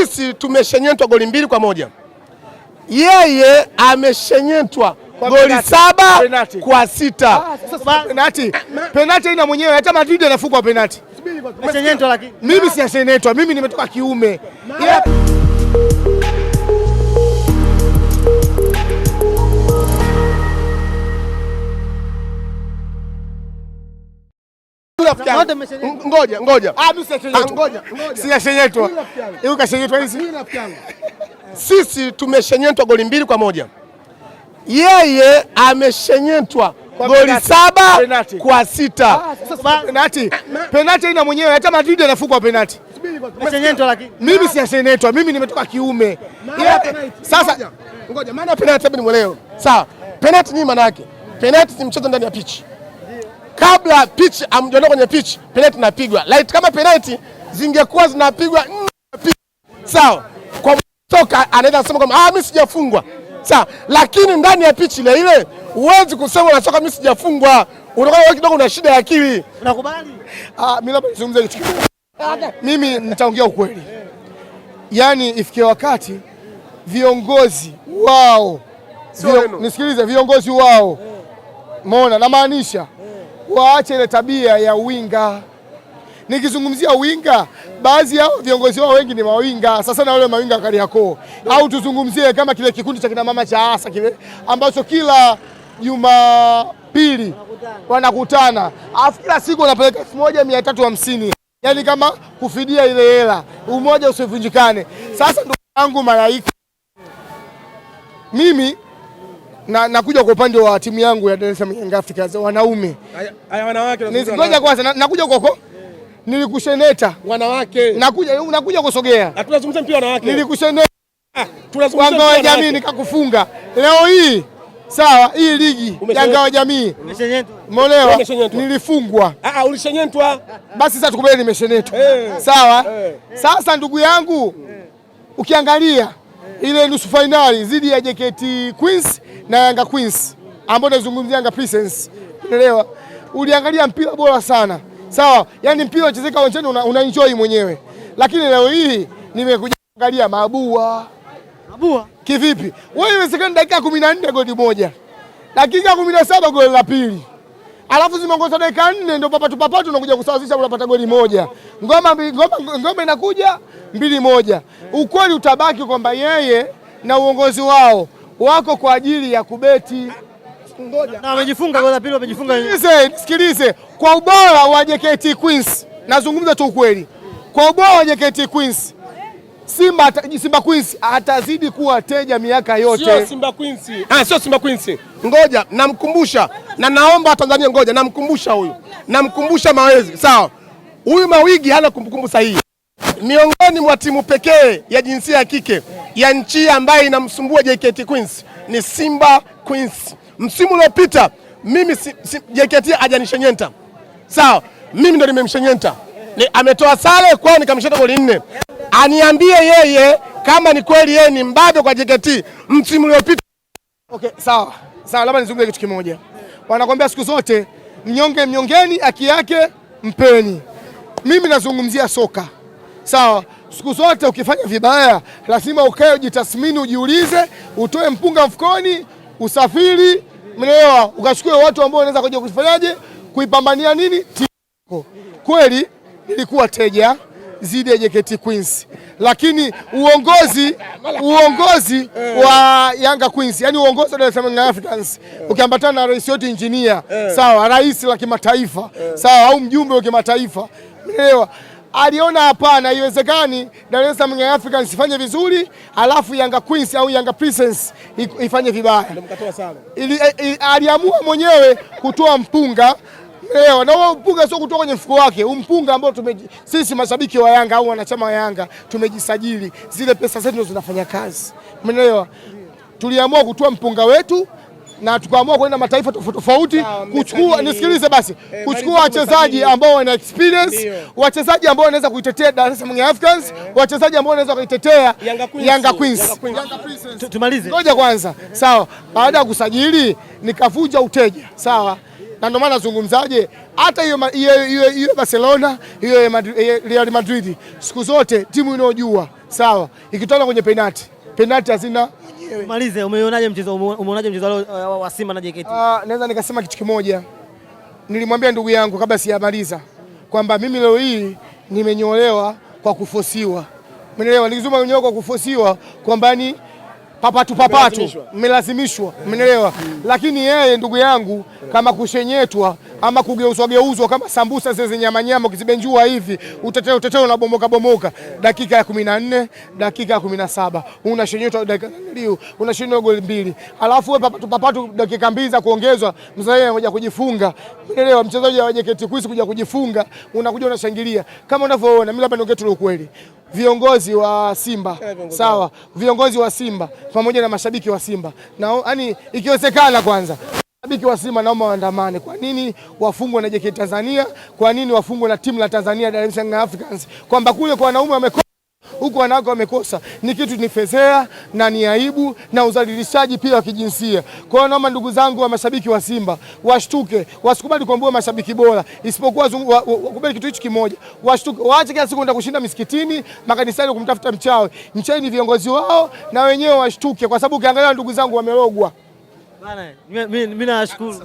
Sisi tumeshenyetwa goli mbili kwa moja, yeye ameshenyetwa goli saba penati kwa sita. penati ah, penati ina mwenyewe, hata Madrid anafukwa penati. Mimi siyashenyetwa, mimi nimetoka kiume. Ngoja ngoja, ah, sijashenyetwa ah, hizi. Sisi tumeshenyetwa goli mbili kwa moja, yeye ameshenyetwa goli saba penati kwa sita. Penati ah, penati ina mwenyewe, hata Madrid anafungwa penati. Mimi sijashenyetwa, mimi nimetoka kiume. Sasa ngoja, maana penati, Sawa, penati ni maana yake, penati ni mchezo ndani ya pichi kabla pitch amjondoka kwenye pitch, penalty inapigwa. Light kama penalty zingekuwa zinapigwa mm, sawa, kwa soka anaweza kusema kwamba ah, mimi sijafungwa sawa, lakini ndani ya pitch ile ile huwezi kusema na soka mimi sijafungwa, unakuwa wewe kidogo una shida ya akili. Unakubali? Ah, mimi labda nizungumze kitu kidogo. mimi nitaongea ukweli, yaani ifikie wakati viongozi wao, nisikilize, viongozi wao, mona namaanisha waache ile tabia ya uwinga. Nikizungumzia uwinga, baadhi yao viongozi wao wengi ni mawinga. Sasa na wale mawinga yako, au tuzungumzie kama kile kikundi cha kina mama cha Asa kile ambacho kila Jumapili wanakutana, alafu kila siku wanapeleka elfu moja mia tatu hamsini yaani kama kufidia ile hela, umoja usivunjikane. Sasa ndugu yangu malaika, mimi na nakuja kwa upande wa timu yangu ya Dar es Salaam Young Africans wanaume. Haya wanawake na ngoja kwanza na, nakuja koko. Nilikusheneta wanawake. Nakuja nakuja kusogea. Tunazungumza mpira wanawake. Nilikusheneta. Ah, Tunazungumza mpira wanawake. Jamii nikakufunga. Leo hii sawa, hii ligi Yanga wa jamii. Umeelewa? Nilifungwa. Ah ah, ulishenyetwa. Basi sasa tukubali nimeshenetwa. Eh. Sawa? Eh. Sasa ndugu yangu ukiangalia ile nusu fainali dhidi ya JKT Queens na Yanga Queens ambao nazungumzia Yanga Prisons, unaelewa? Uliangalia mpira bora sana, sawa, yani mpira unachezeka uwanjani, una enjoy mwenyewe, lakini leo hii nimekuja kuangalia mabua mabua. Kivipi wewe? Iwezekani dakika kumi na nne goli moja, dakika kumi na saba goli la pili alafu zimeongoza dakika nne ndo papa papatu unakuja kusawazisha, unapata goli moja, ngoma ngoma ngoma inakuja mbili moja. Ukweli utabaki kwamba yeye na uongozi wao wako kwa ajili ya kubeti. Nisikilize, kwa ubora wa JKT Queens, nazungumza tu ukweli, kwa ubora wa JKT Queens Simba, Simba Queens atazidi kuwa teja miaka yote. Sio Simba Queens. Ah, sio Simba Queens. Ngoja namkumbusha na naomba Tanzania, ngoja namkumbusha huyu, namkumbusha Mawezi, sawa. Huyu Mawigi hana kumbukumbu sahihi, miongoni mwa timu pekee ya jinsia ya kike ya nchi ambayo inamsumbua JKT Queens ni Simba Queens. Msimu uliopita mimi si, si, JKT hajanishenyenta sawa, mimi ndo nimemshenyenta ni, ametoa sare kwao nikamshota goli nne. Aniambie yeye kama ni kweli yeye ni mbabe kwa JKT msimu uliopita. Okay, sawa sawa, labda nizungumze kitu kimoja. Wanakwambia siku zote mnyonge mnyongeni, haki yake mpeni. Mimi nazungumzia soka sawa Siku zote ukifanya vibaya lazima ukae, ujitathmini, ujiulize, utoe mpunga mfukoni, usafiri, mnaelewa, ukachukue watu ambao wanaweza kuja kufanyaje, kuipambania nini timu. Kweli nilikuwa teja zidi ya JKT Queens, lakini uongozi uongozi wa Yanga Queens, yani uongozi wa Dar es Salaam Africans ukiambatana na rais yote injinia, sawa, rais la kimataifa, sawa, au mjumbe wa kimataifa, mnaelewa aliona hapana, haiwezekani Dar es Salaam ya Africa vizuri, alafu Yanga Queens au Yanga Princess ifanye vibaya. Eh, aliamua mwenyewe kutoa mpunga leo, na huo mpunga sio kutoka kwenye mfuko wake, umpunga ambao sisi mashabiki wa Yanga au wanachama wa Yanga tumejisajili, zile pesa zetu zinafanya kazi, umeelewa? Tuliamua kutoa mpunga wetu na tukaamua kwenda mataifa tofauti tofauti kuchukua, nisikilize basi, eh, kuchukua wachezaji ambao wana experience, wachezaji ambao wanaweza kuitetea Dar es Salaam Africans, eh. wachezaji ambao wanaweza kuitetea Yanga Queens. Tumalize ngoja kwanza, sawa. Baada ya kusajili nikavuja uteja, sawa, na ndio maana nazungumzaje hata hiyo Barcelona hiyo eh, Real Madrid, siku zote timu inayojua sawa, ikitoka kwenye penati penati hazina mwenyewe. Malize, umeonaje mchezo umeonaje mchezo wa Simba na JKT? Ah, naweza nikasema kitu kimoja. Nilimwambia ndugu yangu kabla sijamaliza kwamba mimi leo hii nimenyolewa kwa kufosiwa. Umeelewa? Nilizuma nyolewa kwa kufosiwa kwamba ni papatu papatu, mmelazimishwa, mmenielewa? mm. Lakini yeye ndugu yangu, kama kushenyetwa ama kugeuzwa geuzwa kama sambusa zile zenye nyama nyama, ukizibenjua hivi uteteo uteteo na bomoka bomoka, dakika ya kumi na nne dakika ya kumi na saba unashenyetwa dakika ndio unashinda goli mbili, alafu wewe papatu papatu dakika mbili za kuongezwa, mzee anakuja kujifunga, unaelewa? Mchezaji wa JKT kuja kujifunga, unakuja unashangilia kama unavyoona. Mimi labda niongee tu ukweli viongozi wa Simba viongozi sawa viongozi wa Simba pamoja na mashabiki wa Simba na yani, ikiwezekana kwanza mashabiki wa Simba naomba waandamane. Kwa nini wafungwe na JKT Tanzania? Kwa nini wafungwe na timu la Tanzania Dar es Salaam Africans? kwamba kule kwa wanaume wame huku wanawake wamekosa, ni kitu ni fedheha na ni aibu na udhalilishaji pia wa kijinsia. Kwa hiyo naomba ndugu zangu wa mashabiki wa Simba washtuke, wasikubali kuambiwa mashabiki bora, isipokuwa wakubali kitu hichi kimoja, washtuke, waache kila siku kwenda kushinda misikitini, makanisani kumtafuta mchawi. Mchawi ni viongozi wao, na wenyewe washtuke, kwa sababu ukiangalia ndugu zangu wamerogwa. mimi nashukuru.